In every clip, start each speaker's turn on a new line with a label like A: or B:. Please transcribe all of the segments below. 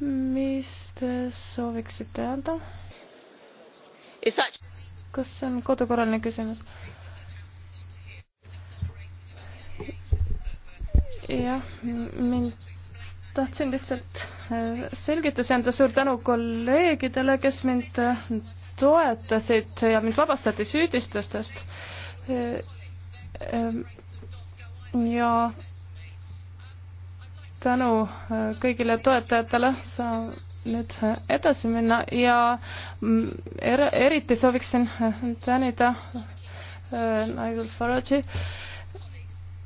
A: mis te sooviksite öelda? kas see on kodukorraline küsimus? jah, mind, tahtsin lihtsalt äh, selgitusi anda, suur tänu kolleegidele, kes mind äh, toetasid ja mind vabastati süüdistustest. Äh, ähm, ja tänu äh, kõigile toetajatele saan nüüd äh, edasi minna ja mm, er, eriti sooviksin äh, tänida Nigel Farage'i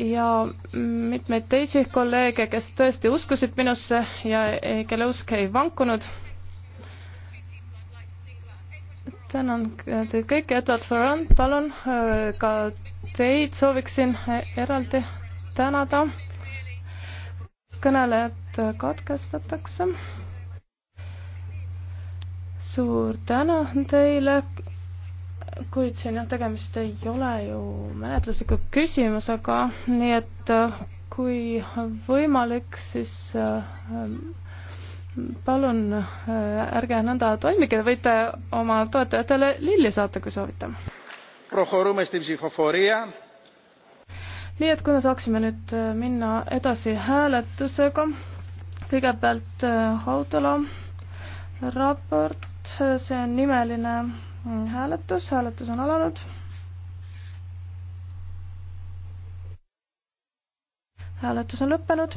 A: ja mm, mitmeid teisi kolleege, kes tõesti uskusid minusse ja eh, kelle usk ei vankunud. tänan teid kõiki, Edward Ferrand, palun ka teid sooviksin eraldi tänada kõnelejad katkestatakse. suur tänu teile, kuid siin jah, tegemist ei ole ju menetlusliku küsimusega, nii et äh, kui võimalik, siis äh, palun äh, ärge nõnda toimige, võite oma toetajatele lilli saata, kui soovite nii et kui me saaksime nüüd äh, minna edasi hääletusega, kõigepealt äh, Haudala raport, äh, see on nimeline mm, hääletus, hääletus on alanud. hääletus on lõppenud.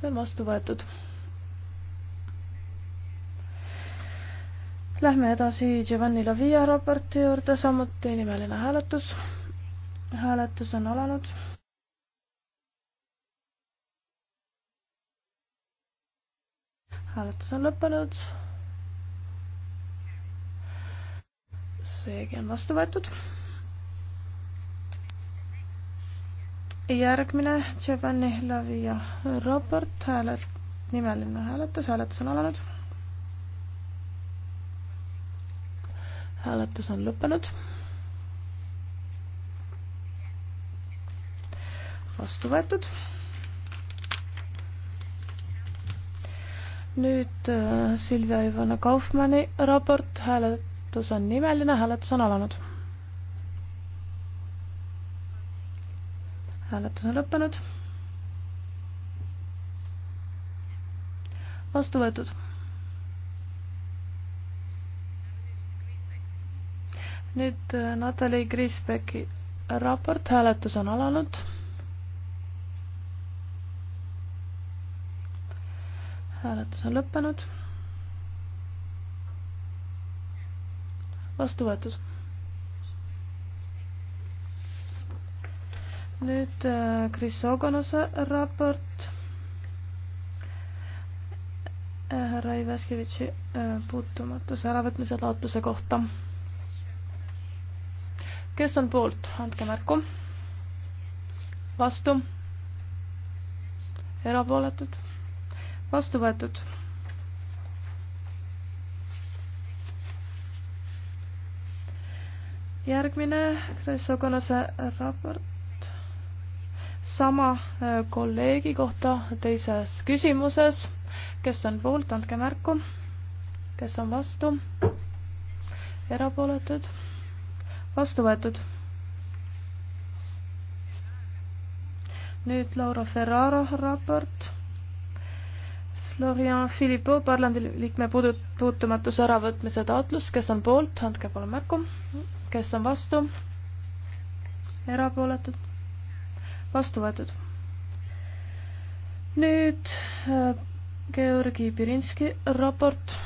A: see on vastu võetud. Lähme edasi Giovanni Lavia raporti juurde, samuti nimeline hääletus hääletus on alanud. hääletus on lõppenud. seegi on vastu võetud. järgmine Giovanni Lavia raport, hääled, nimeline hääletus, hääletus on alanud. hääletus on lõppenud vastu võetud. nüüd äh, Silvia Ivana Kaufmanni raport, hääletus on nimeline, hääletus on alanud. hääletus on lõppenud. vastu võetud. nüüd äh, Natalja Kriisbecki raport, hääletus on alanud hääletus on lõppenud. vastu võetud. nüüd äh, Kris Ogonose raport äh, härra Ivaskevitši äh, puutumatuse äravõtmise taotluse kohta. kes on poolt, andke märku. vastu. erapooletud vastu võetud. järgmine Kressokonnase raport sama äh, kolleegi kohta teises küsimuses. kes on poolt, andke märku. kes on vastu? erapooletud? vastu võetud nüüd Laura Ferraro raport Florian Philippot parlamendiliikme puutumatuse äravõtmise taotlus, kes on poolt, andke palun märku. kes on vastu? erapooletud? vastu võetud. nüüd äh, Georgi Pirinski raport.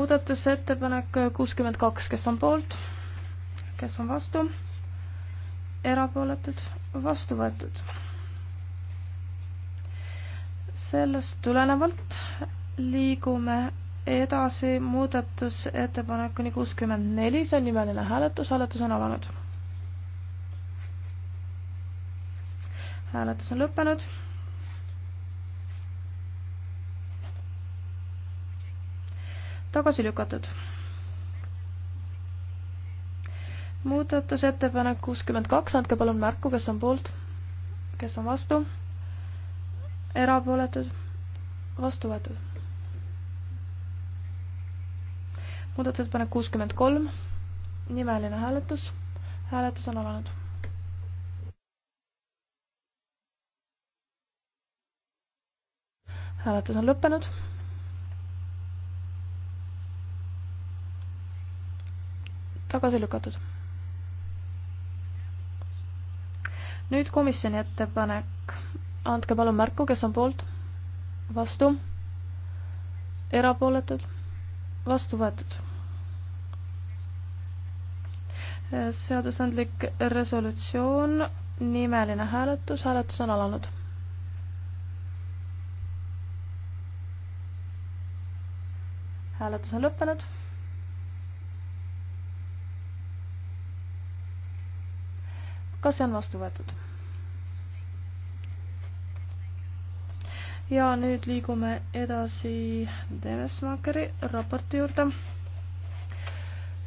A: muudatusettepanek kuuskümmend kaks, kes on poolt? kes on vastu? erapooletud? vastu võetud sellest tulenevalt liigume edasi muudatusettepanekuni kuuskümmend neli, see on nimeline hääletus, hääletus on alanud. hääletus on lõppenud. tagasi lükatud. muudatusettepanek kuuskümmend kaks, andke palun märku, kes on poolt, kes on vastu erapooletud, vastu võetud. muudatusettepanek kuuskümmend kolm, nimeline hääletus, hääletus on alanud. hääletus on lõppenud. tagasi lükatud. nüüd komisjoni ettepanek andke palun märku, kes on poolt, vastu, erapooletud, vastu võetud. seadusandlik resolutsioon, nimeline hääletus, hääletus on alanud. hääletus on lõppenud ka see on vastu võetud. ja nüüd liigume edasi Demesmakeri raporti juurde.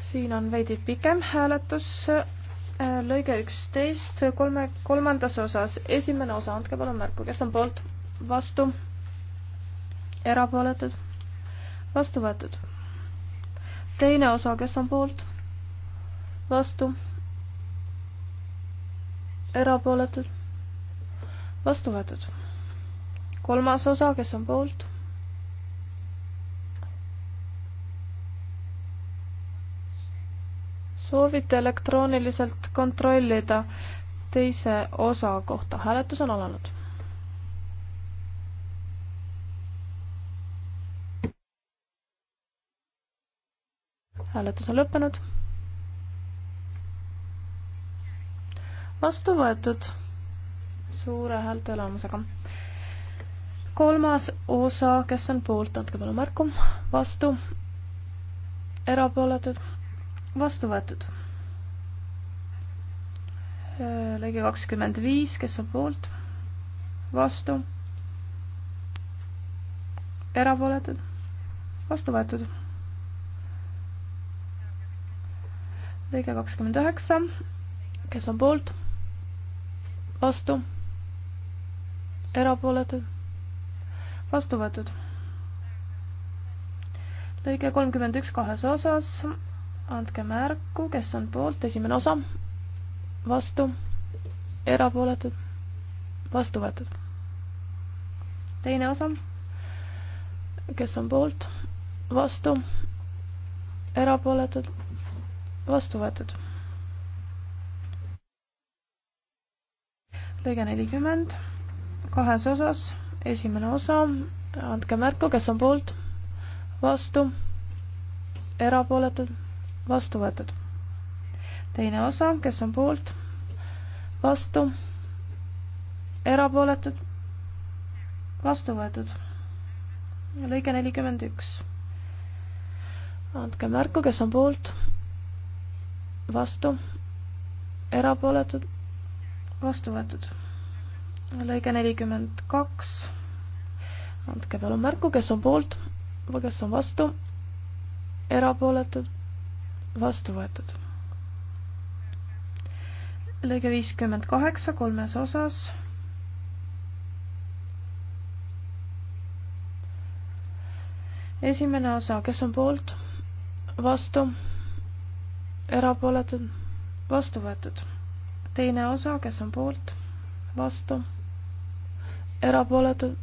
A: siin on veidi pikem hääletus, äh, lõige üksteist kolme, kolmandas osas, esimene osa, andke palun märku, kes on poolt, vastu, erapooletud, vastu võetud. teine osa, kes on poolt, vastu, erapooletud, vastu võetud kolmas osa, kes on poolt? soovite elektrooniliselt kontrollida teise osa kohta. hääletus on alanud. hääletus on lõppenud. vastu võetud suure häälteelamusega kolmas osa, kes on poolt, andke palun märku, vastu, erapooletud, vastu võetud. lõige kakskümmend viis, kes on poolt, vastu, erapooletud, vastu võetud. lõige kakskümmend üheksa, kes on poolt, vastu, erapooletud vastu võetud. lõige kolmkümmend üks kahes osas, andke märku, kes on poolt, esimene osa, vastu, erapooletud, vastu võetud. teine osa, kes on poolt, vastu, erapooletud, vastu võetud lõige nelikümmend kahes osas esimene osa, andke märku, kes on poolt, vastu, erapooletud, vastu võetud. teine osa, kes on poolt, vastu, erapooletud, vastu võetud. lõige nelikümmend üks. andke märku, kes on poolt, vastu, erapooletud, vastu võetud lõige nelikümmend kaks. andke palun märku, kes on poolt või kes on vastu. erapooletud, vastu võetud. lõige viiskümmend kaheksa kolmes osas. esimene osa, kes on poolt, vastu, erapooletud, vastu võetud. teine osa, kes on poolt, vastu erapooletud.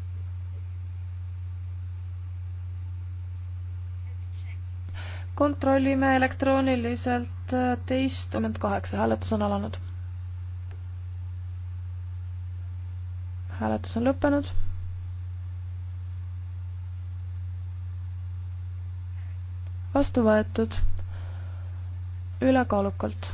A: kontrollime elektrooniliselt äh, teistkümmend kaheksa, hääletus on alanud. hääletus on lõppenud. vastu võetud ülekaalukalt.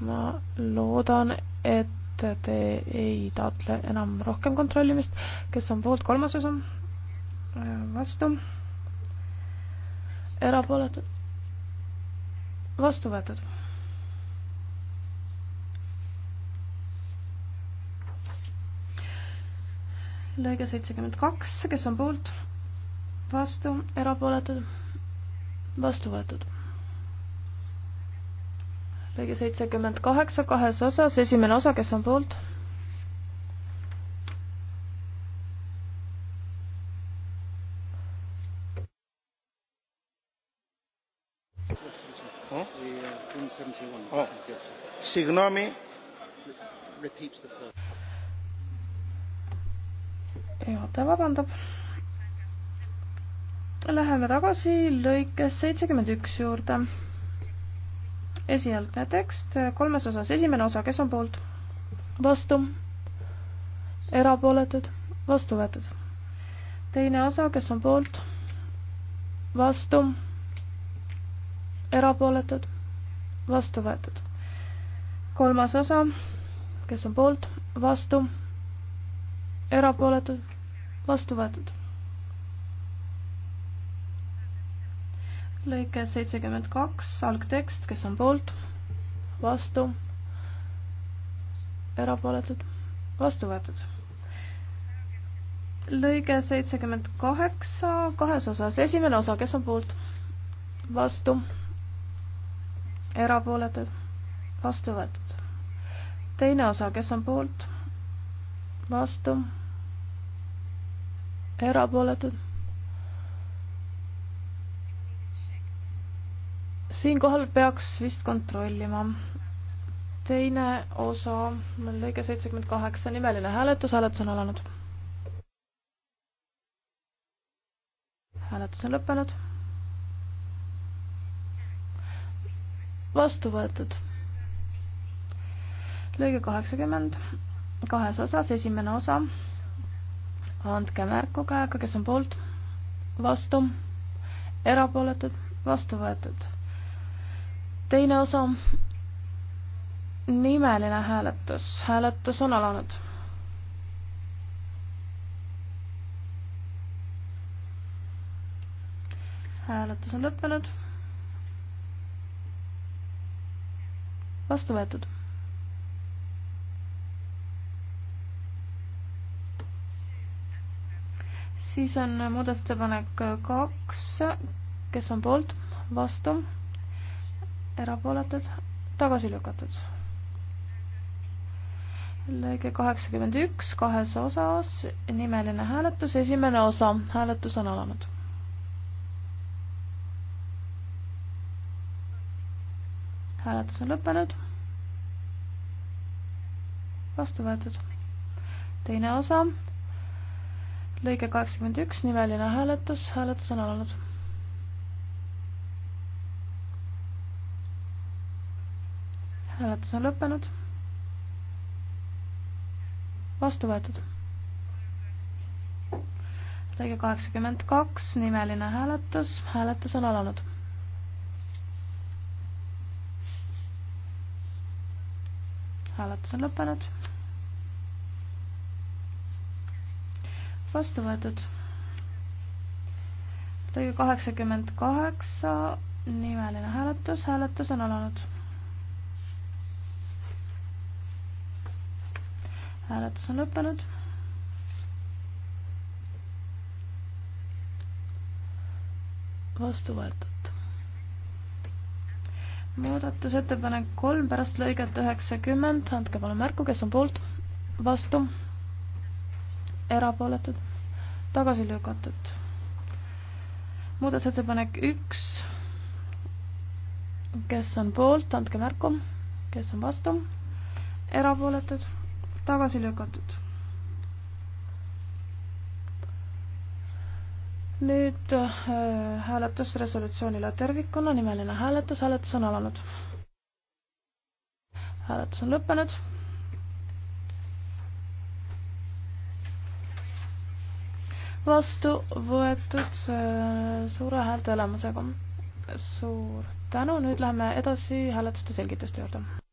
A: ma loodan, et et te ei taotle enam rohkem kontrollimist. kes on poolt, kolmas osa? Äh, vastu? erapooletud? vastu võetud? lõige seitsekümmend kaks, kes on poolt? vastu, erapooletud? vastu võetud lõige seitsekümmend kaheksa kahes osas, esimene osa, kes on poolt? Signomi. juhataja vabandab. Läheme tagasi lõikes seitsekümmend üks juurde esialgne tekst kolmes osas, esimene osa, kes on poolt? vastu, erapooletud, vastu võetud. teine osa, kes on poolt? vastu, erapooletud, vastu võetud. kolmas osa, kes on poolt? vastu, erapooletud, vastu võetud lõige seitsekümmend kaks, algtekst, kes on poolt, vastu, erapooletud, vastu võetud. lõige seitsekümmend kaheksa, kahes osas, esimene osa, kes on poolt, vastu, erapooletud, vastu võetud. teine osa, kes on poolt, vastu, erapooletud siinkohal peaks vist kontrollima. teine osa, lõige seitsekümmend kaheksa, nimeline hääletus, hääletus on alanud. hääletus on lõppenud. vastu võetud. lõige kaheksakümmend, kahes osas, esimene osa. andke märku käega, kes on poolt, vastu, erapooletud, vastu võetud teine osa, nimeline hääletus, hääletus on alanud. hääletus on lõppenud. vastu võetud. siis on muudatusettepanek kaks, kes on poolt, vastu erapooletud, tagasi lükatud. lõige kaheksakümmend üks kahes osas, nimeline hääletus, esimene osa, hääletus on alanud. hääletus on lõppenud. vastu võetud. teine osa, lõige kaheksakümmend üks, nimeline hääletus, hääletus on alanud hääletus on lõppenud. vastu võetud. lõige kaheksakümmend kaks, nimeline hääletus, hääletus on alanud. hääletus on lõppenud. vastu võetud. lõige kaheksakümmend kaheksa, nimeline hääletus, hääletus on alanud hääletus on lõppenud. vastu võetud. muudatusettepanek kolm pärast lõiget üheksakümmend, andke palun märku, kes on poolt, vastu, erapooletud, tagasi lükatud. muudatusettepanek üks, kes on poolt, andke märku, kes on vastu, erapooletud tagasi lükatud. nüüd äh, hääletus resolutsioonile tervikuna, nimeline hääletus, hääletus on alanud. hääletus on lõppenud. vastu võetud äh, suure häälte elamusega. suur tänu, nüüd läheme edasi hääletuste selgituste juurde.